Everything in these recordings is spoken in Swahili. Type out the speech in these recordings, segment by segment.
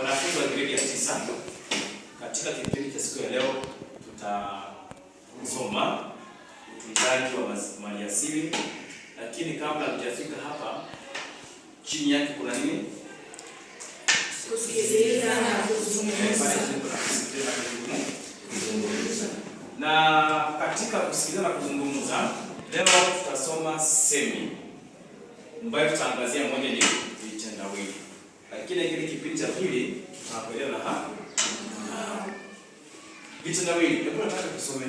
Wanafunzi wa gredi ya tisa, katika kipindi cha siku ya leo tutasoma utunzaji wa maliasili, lakini kabla hatujafika hapa, chini yake kuna nini? Kusikiliza na kuzungumza. Na katika kusikiliza na kuzungumza, leo tutasoma semi ambayo tutaangazia moja ni Kitendawili, hebu nataka tusomee.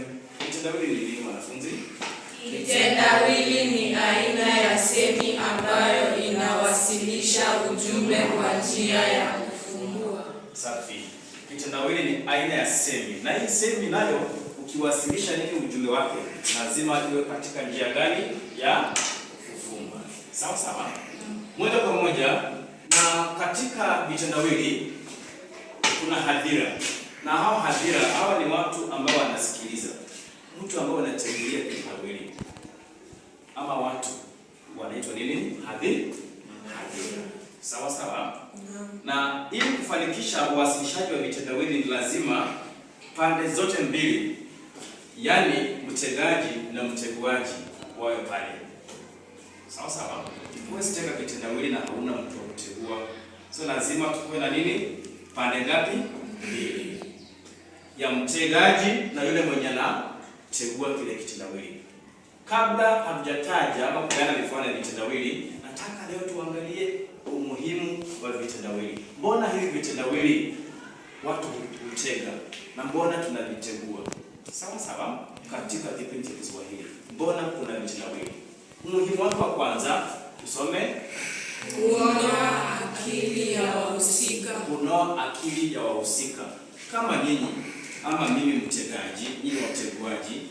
Kitendawili ni nini wanafunzi? Kitendawili ni aina ya semi ambayo inawasilisha ujumbe kwa njia ya kufungua. Safi. Kitendawili ni aina ya semi, na hii semi nayo ukiwasilisha nini ujumbe wake lazima iwe katika njia gani ya kufungua. Sawa sawa, mm. moja kwa moja. Na katika vitendawili kuna hadhira na hao hadhira hawa ni watu ambao wanasikiliza, mtu ambao wanachangia kimhawili ama watu wanaitwa nini? Hadhira, hadhira. Sawa sawa. Na ili kufanikisha uwasilishaji wa mitandaoni ni lazima pande zote mbili, yani mtegaji na mteguaji, wawe pale. Sawa sawa. Huwezi tega vitendawili na hauna mtu wa kutegua, so lazima tukuwe na nini? Pande ngapi? Mbili ya mtegaji na yule mwenye anategua kile kitendawili. Kabla hatujataja ama kupeana mifano ya vitendawili, nataka leo tuangalie umuhimu wa vitendawili. Mbona hivi vitendawili watu hutega na mbona tunavitegua? Sawa sawa, katika kipindi cha Kiswahili, mbona kuna vitendawili? Umuhimu wake wa kwanza, usome kunoa akili ya wahusika. Kunoa akili ya wahusika, kama nyinyi ama mimi mtendaji, nyinyi wateguaji,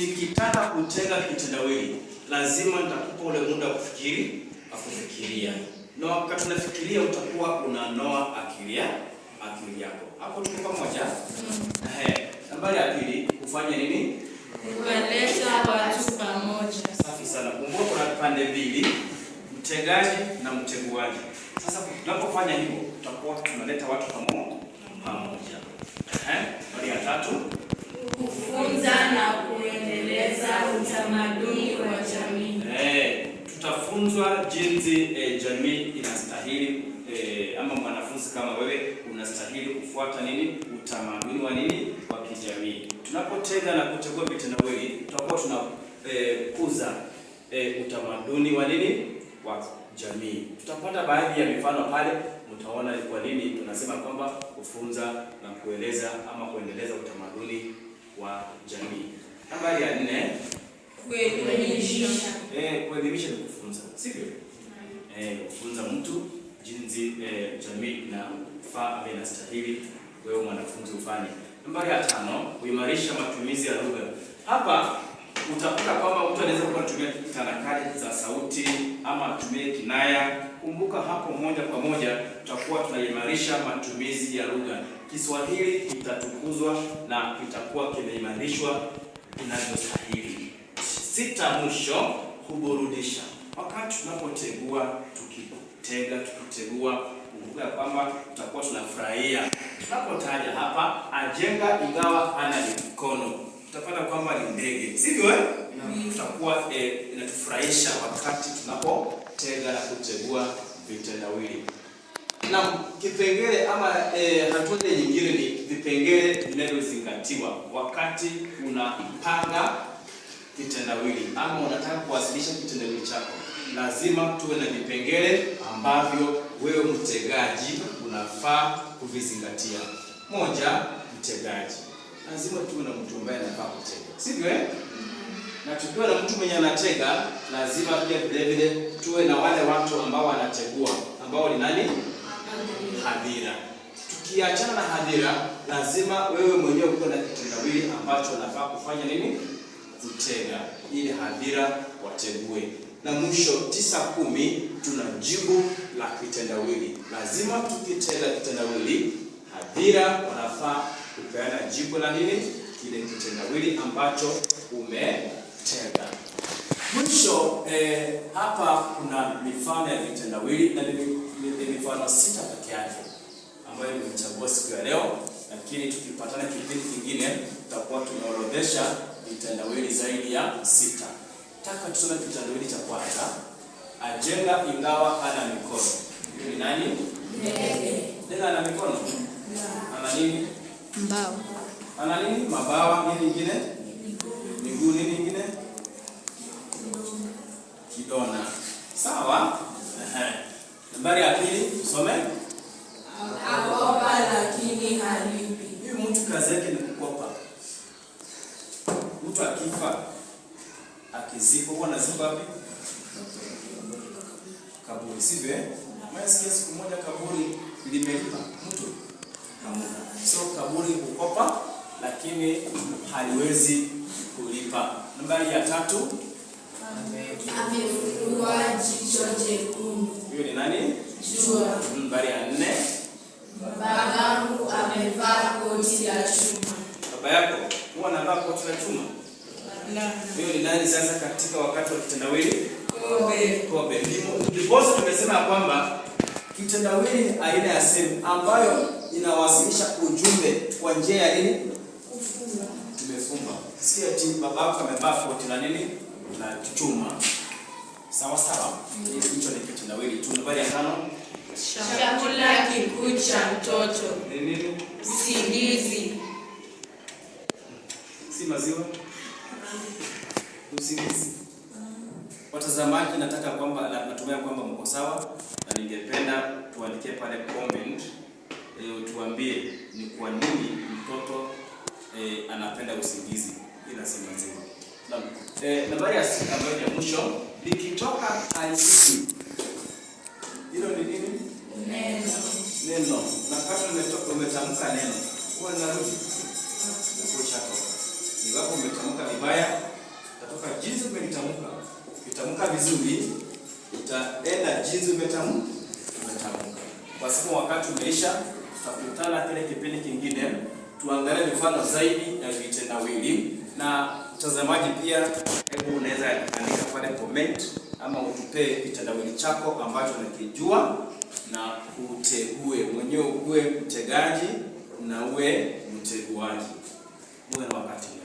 nikitaka kutega kitendawili lazima nitakupa ule muda wa kufikiri, akufikiria na wakati nafikiria utakuwa unanoa akili akili yako. Hapo tuko pamoja? Eh, nambari ya pili, kufanya nini? Kuleta watu pamoja. Safi sana. Kumbuka kuna pande mbili, mtegaji na mteguaji. Sasa tunapofanya hivyo tutakuwa tunaleta watu pamoja pamoja. Eh, ya tatu kufunza na kuendeleza utamaduni wa jamii. Eh, tutafunzwa jinsi eh, jamii inastahili eh, ama mwanafunzi kama wewe unastahili kufuata nini utamaduni wa nini wa kijamii. Tunapotega na kutegua vitendawili tutakuwa tunakuza eh, eh, utamaduni wa nini wa jamii. Tutapata baadhi ya mifano pale utaona kwa nini tunasema kwamba kufunza na kueleza ama kuendeleza utamaduni wa jamii. Nambari ya nne, kuelimisha. Eh, kuelimisha ni kufunza, sivyo? Eh, kufunza mtu jinsi eh, jamii inafaa ama inastahili wewe mwanafunzi ufanye. Nambari ya tano, kuimarisha matumizi ya lugha hapa utakuta kwamba mtu anaweza kuwa anatumia tanakali za sauti ama atumie kinaya. Kumbuka hapo, moja kwa moja tutakuwa tunaimarisha matumizi ya lugha. Kiswahili kitatukuzwa na kitakuwa kimeimarishwa inavyostahili. Sita, mwisho kuburudisha. Wakati tunapotegua tukitega tukitegua, kumbuka kwamba tutakuwa tunafurahia tunapotaja hapa, ajenga ingawa ana mikono tutapata kwamba ni ndege, sivyo? Eh, tutakuwa eh, inatufurahisha wakati tunapotega na kutegua vitendawili. Na kipengele ama eh, hatua nyingine ni vipengele vinavyozingatiwa wakati unapanga kitendawili ama unataka kuwasilisha kitendawili chako, lazima tuwe na vipengele ambavyo wewe mtegaji unafaa kuvizingatia. Moja, mtegaji lazima tuwe na mtu ambaye anafaa kutega, sivyo eh? Na tukiwa na mtu mwenye anatega, lazima pia vile vile tuwe na wale watu ambao wanategua, ambao ni nani? Hadhira. Tukiachana na hadhira, lazima wewe mwenyewe uko na kitendawili ambacho unafaa kufanya nini? Kutega ili hadhira wategue. Na mwisho tisa kumi, tuna jibu la kitendawili. Lazima tukitenda kitendawili, hadhira wanafaa kupeana jibu la nini kile kitendawili ambacho umetenda. Mwisho eh, hapa kuna mifano ya vitendawili na ni mifano sita peke yake ambayo nimechagua siku ya leo, lakini tukipatana kipindi kingine tutakuwa tumeorodhesha vitendawili zaidi ya sita. Taka tusome kitendawili cha kwanza, ajenga ingawa ana mikono. Ni nani? Ndege. Ndege ana mikono? Ana nini? mbao. Ana nini? Mabawa. Nini nyingine? Miguu. Nini nyingine? Kidona. Sawa. Nambari ya pili usome. Akopa lakini halipi. Huyu mtu kazi yake ni kukopa. Mtu akifa akizikwa huwa anazikwa wapi? Kaburi, sivyo? Eh? Masikia siku moja kaburi limelipa mtu kamuka. So kaburi hukopa, lakini haliwezi kulipa. Nambari ya tatu, amefungua jicho jekundu. Huyo ni nani? Jua. Nambari ya nne, babangu amevaa koti la chuma. Baba yako huwa anavaa koti la chuma? Huyo ni nani sasa katika wakati wa kitendawili? Kobe. Kobe. Ndipo tumesema kwamba kitendawili aina ya simu ambayo inawasilisha ujumbe kwa njia ya nini? Tumefunga. Sikia ati yako amevaa koti la nini? La chuma. Sawa sawa. Hicho ni kitu na wewe tu. Nambari ya tano. Chakula kikuu cha mtoto. Ni nini? Usingizi. Si maziwa? Usingizi. Watazamaji, nataka kwamba natumia kwamba mko sawa na ningependa tuandikie pale comment e, tuambie ni kwa nini mtoto e, anapenda usingizi ila si lazima. Naam. E, nambari ya sita ambayo ya mwisho nikitoka alisi. Hilo ni nini? Neno. Neno. Na kama umetoka umetamka neno, huwa narudi. Kuchatoka. Ni wapo umetamka vibaya, utatoka jinsi umetamka. Ukitamka vizuri, utaenda jinsi umetamka. Umetamka. Kwa sababu wakati umeisha tutakutana kile kipindi kingine, tuangalie mifano zaidi ya vitendawili. Na mtazamaji pia, hebu unaweza andika pale comment ama utupee kitendawili chako ambacho unakijua na utegue mwenyewe, uwe mtegaji na uwe mteguaji. Uwe na wakati